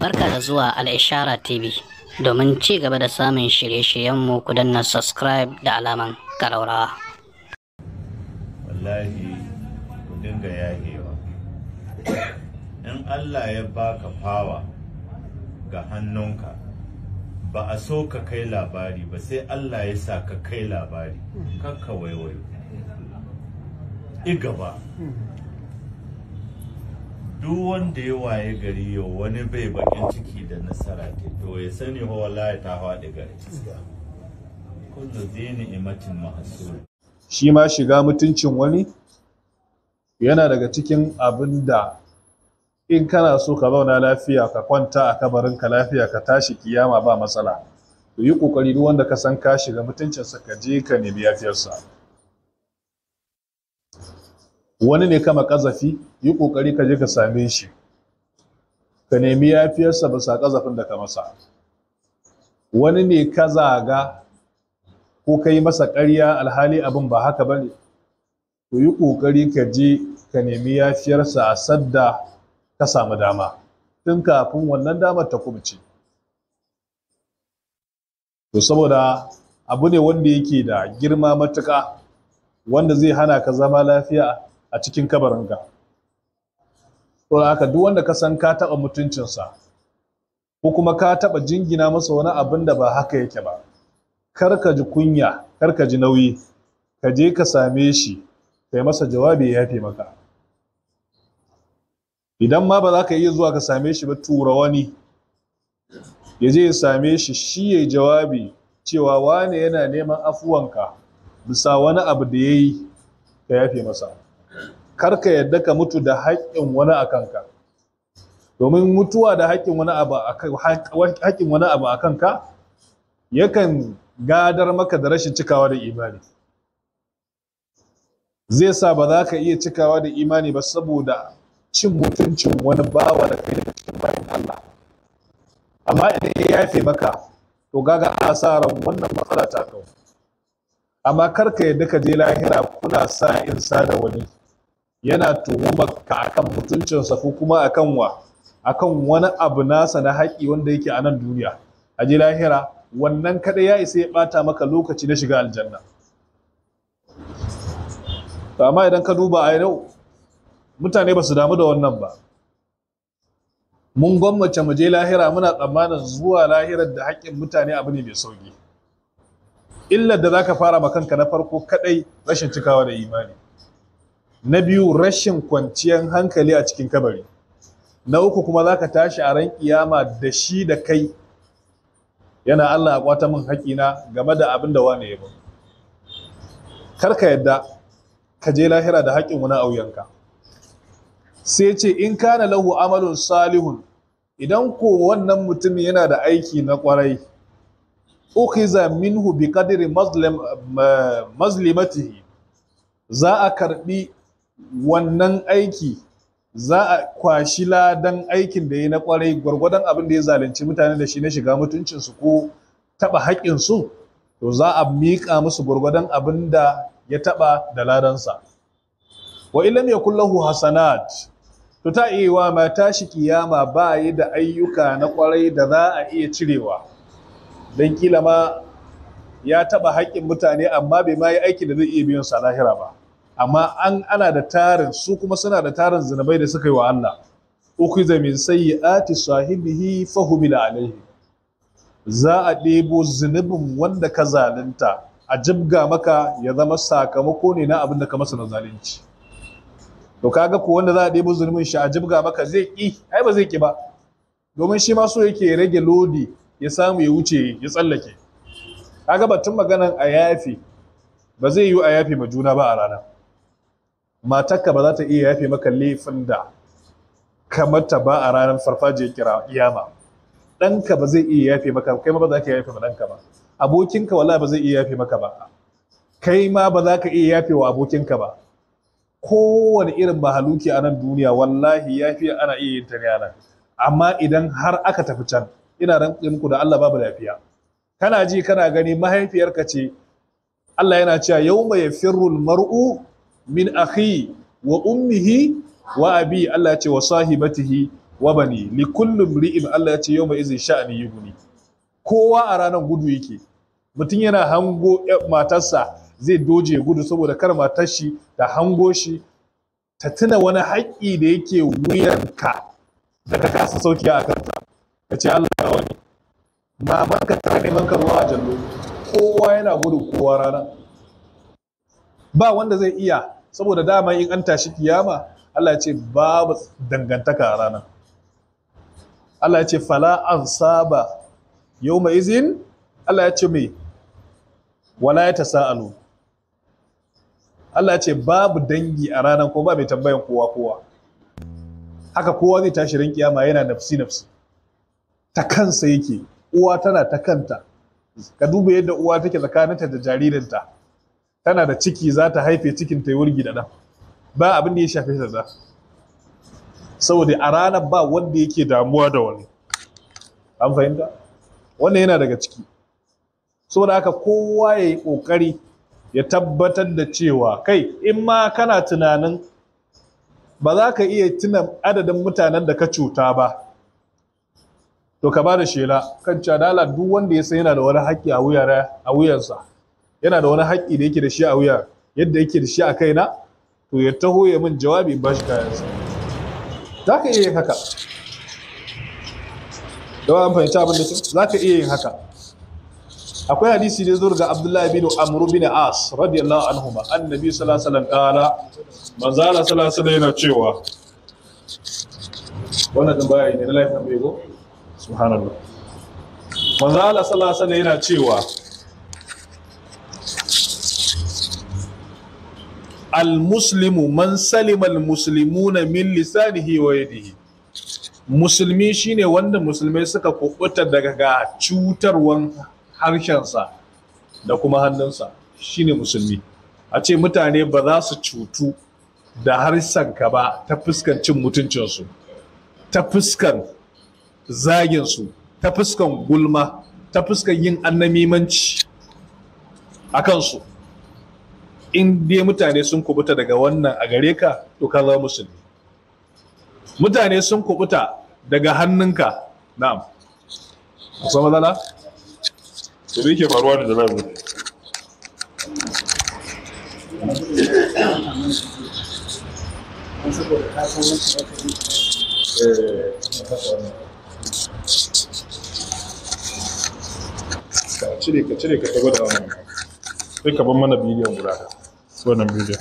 Barka da zuwa Al'ishara TV. Domin ci gaba da samun shirye-shiryenmu ku danna subscribe da alaman karaurawa. Wallahi ku dinga yahewa. In Allah ya baka fawa ga hannunka, ba a so ka kai labari ba sai Allah ya sa ka kai labari, kakka waiwayo. Igaba. duk wanda ya waye gari ya wani bai bakin ciki da nasara ta to ya sani ho wallahi ta haɗe gari kullu dini imatin mahsul shi ma shiga mutuncin wani yana daga cikin abinda. in kana so ka zauna lafiya ka kwanta a kabarin ka lafiya ka tashi kiyama ba matsala to yi kokari duk wanda ka san ka shiga mutuncinsa ka je ka nemi yafiyarsa wani ne kama kazafi yi kokari ka je ka same shi ka nemi yafiyarsa ba sa kazafin da ka masa wani ne ka zaga ko ka yi masa ƙarya alhali abin ba haka ba ne ku yi ƙoƙari ka je ka nemi yafiyarsa a sadda ka samu dama tun kafin wannan damar ta kubce to saboda abu ne wanda yake da girma matuƙa wanda zai hana ka zama lafiya a cikin kabarinka saboda haka duk wanda ka san ka taɓa mutuncinsa ko kuma ka taɓa jingina masa wani abin da ba haka yake ba kar ka ji kunya kar ka ji nauyi ka je ka same shi kai masa jawabi ya yafe maka idan ma ba za ka iya zuwa ka same shi ba tura wani ya je ya same shi shi ya jawabi cewa wane yana neman afuwanka bisa wani abu da ya yi ka yafe masa kar ka yadda ka mutu da haƙƙin wani a kanka domin mutuwa da haƙƙin wani abu a kanka yakan gadar maka da rashin cikawa da imani zai sa ba za ka iya cikawa da imani ba saboda cin mutuncin wani bawa da kai da cikin bayan Allah amma idan ya yafe maka to gaga asarar wannan matsala ta kawo amma karka yadda ka je lahira kuna sa in sa da wani yana tuhuma ka akan mutuncinsa ko kuma akan wa akan wani abu nasa na haƙi wanda yake a nan duniya a ji lahira wannan kada ya isa ya ɓata maka lokaci na shiga aljanna To amma idan ka duba a yau mutane ba su damu da wannan ba mun gwammace mu je lahira muna tsammanin zuwa lahirar da haƙƙin mutane abu ne mai sauƙi illar da zaka fara ma kanka na farko kaɗai rashin cikawa da imani na biyu rashin kwanciyar hankali a cikin kabari na uku kuma za ka tashi a ran kiyama da shi da kai yana Allah a kwata min haƙina game da abin da wane ya kar ka yadda ka je lahira da haƙin wani auyanka sai ce in kana lahu amalun salihun idan ko wannan mutum yana da aiki na kwarai ukhiza minhu bi qadri eh, mazlimatihi za a karɓi. wannan aiki za a kwashi ladan aikin da ya na kwarai gwargwadon abin da ya zalunci mutane da shi na shiga mutuncinsu ko taɓa haƙƙinsu to za a miƙa musu gwargwadon abin da ya taɓa da ladansa wa ilam ya kullahu hasanat to ta iya wa ma shi kiyama ba yi da ayyuka na kwarai da za a iya cirewa don kila ma ya taɓa haƙƙin mutane amma bai ma yi aiki da zai iya biyan sa lahira ba amma an ana da tarin su kuma suna da tarin zinabai da suka yi wa Allah zai min sayyiati sahibihi da alaihi za a ɗebo zunubin wanda ka zalunta a jibga maka ya zama sakamako ne na abin da ka masa na zalunci to kaga ko wanda za a ɗebo zunubin shi a jibga maka zai ƙi ai ba zai ƙi ba domin shi ma so yake rage lodi ya samu ya wuce ya tsallake kaga batun maganan a yafi ba zai yi a yafi ma juna ba a rana matarka ba za ta iya yafe maka laifin da kamar ta ba a ranar farfajiyar kira yama. ɗanka ba zai iya yafe maka kai ma ba za ka yafe wa ɗanka ba abokinka wala ba zai iya yafe maka ba kai ma ba za ka iya yafe wa abokinka ba kowane irin mahaluki a nan duniya wallahi yafiya ana iya yin ta ne amma idan har aka tafi can ina rantsi muku da Allah babu lafiya kana ji kana gani mahaifiyarka ce Allah yana cewa yawma yafirru mar'u min akhi wa ummihi wa abi Allah ce wa sahibatihi wa bani li kullum ri'in Allah ce yau izin sha'ani yuguni kowa a ranar gudu yake mutum yana hango matarsa zai doje gudu saboda kar matar shi ta hango shi ta tuna wani haƙƙi da yake wuyanka da ka kasa sauki a kanta ka ce Allah ya wani mamanka ta neman karuwa a jallo kowa yana gudu kowa rana ba wanda zai iya saboda dama in an tashi kiyama Allah ya ce babu dangantaka a ranar Allah ya ce fala an saba yau izin Allah ya ce mai wala ya tasa'alu Allah ya ce babu dangi a ranar ko ba mai tambayan kowa kowa haka kowa zai tashi ran kiyama yana nafsi nafsi ta kansa yake uwa tana ta kanta ka duba yadda uwa take tsakaninta da jaririnta tana da ciki za ta haife cikin ta yi wurgi da ɗan ba abin da ya shafe ta da saboda a ranar ba wanda yake damuwa da wani an fahimta wannan yana daga ciki saboda haka kowa ya yi ƙoƙari ya tabbatar da cewa kai in ma kana tunanin ba za ka iya tuna adadin mutanen da ka cuta ba to ka ba da shela kan cadala duk wanda ya san yana da wani haƙƙi a wuyarsa. yana da wani haƙƙi da yake da shi a wuya yadda yake da shi a kaina to ya taho ya min jawabi ba shi kayan kayansa za ka iya yin haka da wa fahimci abin da za ka iya yin haka akwai hadisi da zurga abdullahi bin amru bin as radiyallahu anhu ma annabi sallallahu alaihi wasallam kala manzo Allah sallallahu alaihi yana cewa wannan din baya ne na laifin bego subhanallah manzo Allah sallallahu alaihi yana cewa almuslimu man salima almuslimuna min lisanihi wa yadihi musulmi shine wanda musulmai suka kubuta daga cutarwan harshensa da kuma hannunsa shine musulmi a ce mutane ba za su cutu da ka ba ta fuskan cin mutuncinsu ta fuskan zaginsu ta fuskan gulma ta fuskan yin annamimanci a kansu in dai mutane sun kubuta daga wannan a gare ka to ka zama musulmi mutane sun kubuta daga hannunka na'am kusa matsala to yake faruwa da zalabi eh. ka cire ka cire ka tabbata wannan sai ka bar mana bidiyon guda zu einer Mühle.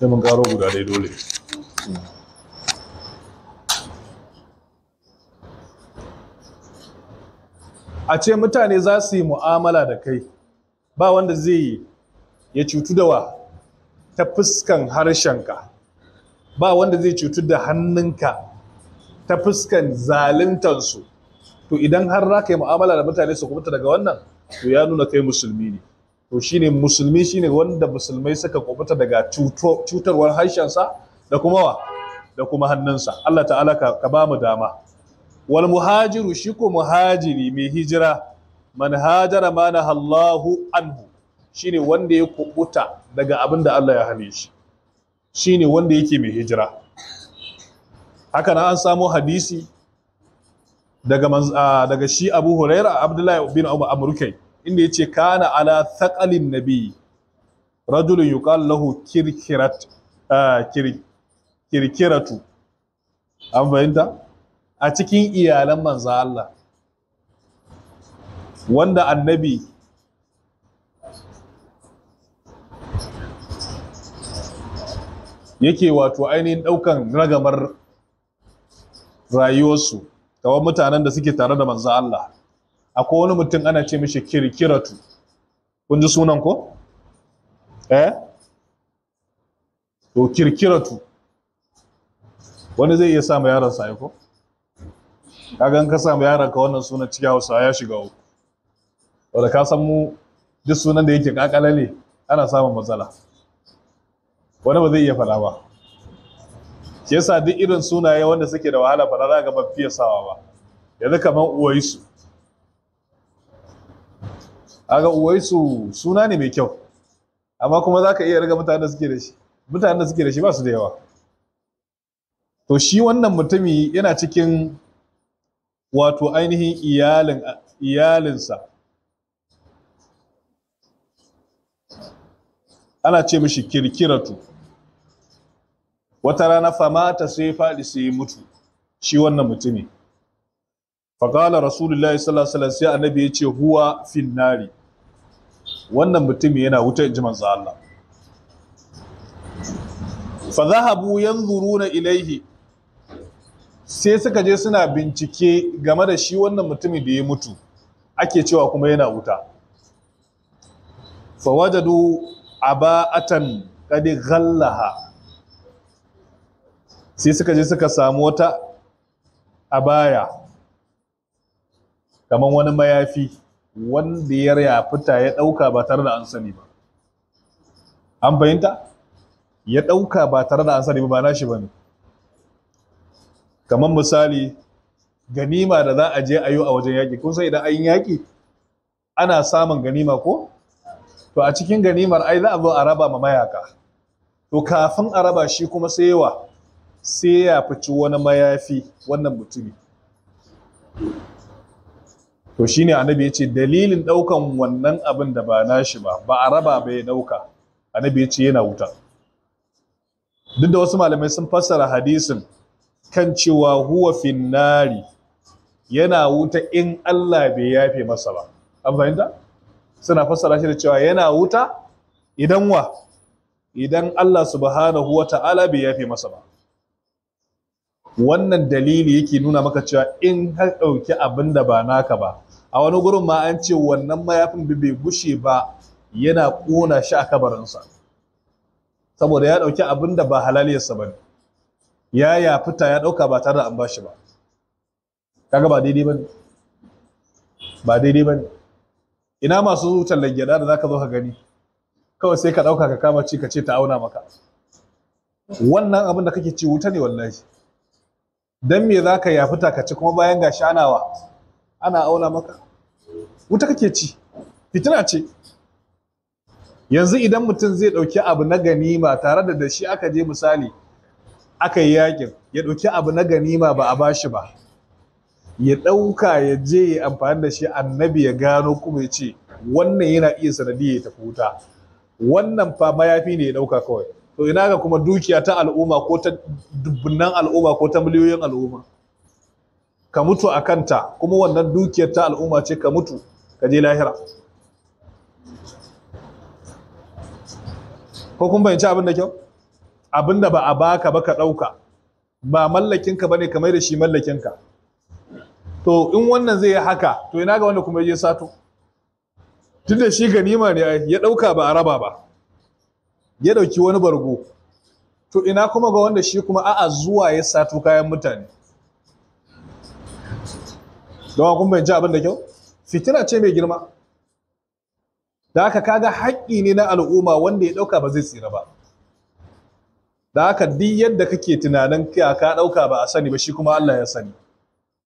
Wenn man gerade oder die Dulli. a ce mutane za su yi mu'amala da kai ba wanda zai yi ya cutu da wa ta fuskan harshenka ba wanda zai cutu da hannunka ta fuskan zaluntansu to idan har za ka yi mu'amala da mutane su kubuta daga wannan to ya nuna kai musulmi ne to shine musulmi shine wanda musulmai suka kubuta daga cutarwar harshensa da kuma wa da kuma hannunsa Allah ta'ala ka ba mu dama wal muhajiru shi ko muhajiri mai hijira man hajara mana Allahu anhu shine wanda ya kubuta daga abinda Allah ya hane shi shine wanda yake mai hijira haka na an samu hadisi daga ah, daga shi Abu Huraira Abdullahi bin Abu Amrukai inda yace kana ala thaqalin nabi rajulun yuqal lahu ah, kirkiratu an a cikin iyalan manzo Allah wanda annabi yake wato ainihin ɗaukan ragamar rayuwarsu kawai mutanen da suke tare da manzo Allah akwai wani mutum ana ce mishi kirkiratu kun ji sunan ko eh to kirkiratu wani zai iya sa ma yaron sa ko kaga ka sa yaran yaron ka wannan sunan cikin Hausa ya shiga uku wanda ka san mu duk sunan da yake kakalale ana samun matsala wani ba zai iya fada ba shi yasa duk irin sunaye wanda suke da wahala ba za ga ban fiye sawa ba yanzu kamar uwaisu aga uwaisu suna ne mai kyau amma kuma za ka iya riga mutane da suke da shi mutanen da suke da shi ba su da yawa to shi wannan mutumi yana cikin wato ainihin iyalin iyalinsa ana ce mishi kirkiratu wata rana famata sai faɗi sai mutu shi wannan mutumi faƙala rasulullahi sallallahu sai annabi ya ce huwa finnari wannan mutumi yana wuta inji manzo Allah fa zahabu na ilaihi sai suka je suna bincike game da shi wannan mutumin da ya mutu ake cewa kuma yana wuta fa wajadu aba'atan kadi ghallaha sai suka je suka samu wata a baya. kamar wani mayafi wanda ya fita ya ɗauka ba tare da an sani ba an fahimta ya ɗauka ba tare da an sani ba ba nashi ba ne kamar misali ganima da za a je a yi a wajen yaƙi kun san idan an yi yaƙi ana samun ganima ko to a cikin ganimar ai za a zo a raba ma mayaka to kafin a raba shi kuma sai yawa sai ya fici wani mayafi wannan mutumi to shine annabi ya ce dalilin ɗaukan wannan abin da ba nashi ba ba a raba bai ɗauka. dauka annabi ya ce yana wuta duk da wasu malamai sun fassara hadisin kan cewa huwa finnari yana wuta in Allah bai yafe masa ba an fahimta suna fassara shi da cewa yana wuta idan wa idan Allah subhanahu wa ta'ala bai yafe masa ba wannan dalili yake nuna maka cewa in har ɗauki abin da ba naka ba a wani gurin ma an ce wannan mayafin bai gushe ba yana ƙona shi a kabarinsa saboda ya ɗauki abin da ba halaliyarsa ba ne ya ya fita ya ɗauka ba tare da an bashi ba kaga ba daidai ba ne ba daidai ba ne ina masu tallan gyaɗa da zaka zo ka gani kawai sai ka ɗauka ka kama ci ka ce ta auna maka wannan abin da kake ci wuta ne wallahi dan me za ka yafi takaci kuma bayan ga shanawa ana aula maka wuta kake ci fitina ce yanzu idan mutum zai ɗauki abu na ganima tare da da shi aka je misali aka yi yakin ya ɗauki abu na ganima ba a bashi ba ya ɗauka ya je ya amfani da shi annabi ya gano kuma ya ce wannan yana iya sanadiyar ya tafi wuta wannan fa mayafi ne ya ɗauka kawai to ina ga kuma dukiya ta al'umma ko ta dubbunan al'umma ko ta miliyoyin al'umma ka mutu a kanta kuma wannan dukiyar ta al'umma ce ka mutu ka je lahira ko kun bayanci abin da kyau abin da ba a baka ba ka ɗauka ba mallakinka ba ne kamar da shi mallakinka to in wannan zai yi haka to ina ga wanda kuma ya je sato tun da shi ganima ne ya ɗauka ba a raba ba ya ɗauki wani bargo to ina kuma ga wanda shi kuma a'a zuwa ya sato kayan mutane don akwai bai ji abin kyau fitina ce mai girma da haka kaga haƙƙi ne na al'umma wanda ya ɗauka ba zai tsira ba da haka duk yadda kake tunanin ka ɗauka ba a sani ba shi kuma Allah ya sani